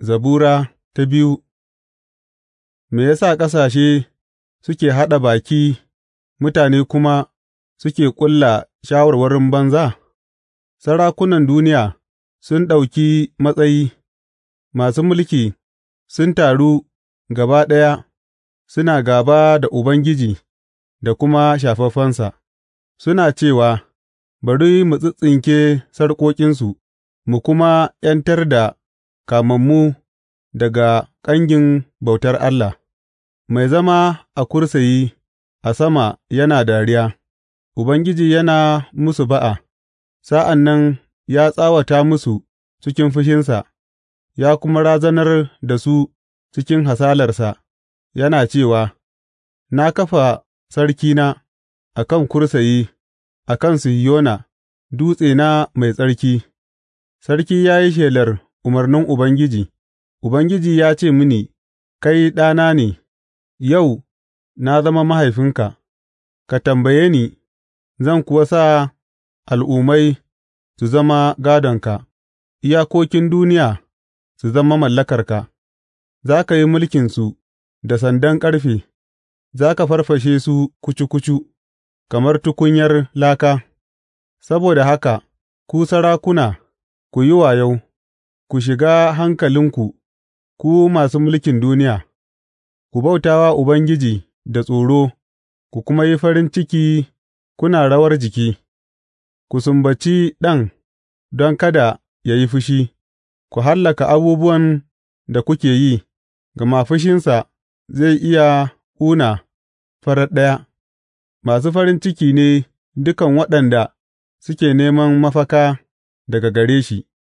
Zabura ta biyu Me ya sa ƙasashe suke haɗa baki mutane kuma suke ƙulla shawarwarin banza? Sarakunan duniya sun ɗauki matsayi, masu mulki sun taru gaba ɗaya suna gaba da Ubangiji da kuma shafaffensa, suna cewa, Bari mu tsittsinke sarƙoƙinsu mu kuma ’yantar da kamammu daga ƙangin bautar Allah, mai zama a kursiyi a sama yana dariya, Ubangiji yana musu ba'a, sa'an nan ya tsawata musu cikin fushinsa, ya kuma razanar da su cikin hasalarsa, yana cewa, Na kafa sarkina a kan kursiyi, a kan Sihiyona, dutsena mai tsarki, sarki ya yi shelar umarnin Ubangiji, Ubangiji ya ce mini, Kai ɗana ne, yau na zama mahaifinka, ka tambaye ni, zan kuwa sa al'ummai su zama gādonka, iyakokin duniya su zama mallakarka, za ka yi mulkinsu da sandan ƙarfe, za ka farfashe su kucu kucu, kamar tukunyar laka, saboda haka, ku sarakuna, ku yi wayo. ku shiga hankalinku, ku masu mulkin duniya, ku bauta wa Ubangiji da tsoro, ku kuma yi farin ciki kuna rawar jiki, ku sumbaci Ɗan don kada ya yi fushi, ku hallaka abubuwan da kuke yi, gama fushinsa zai iya ƙuna farar ɗaya, masu farin ciki ne dukan waɗanda suke neman mafaka daga gare shi.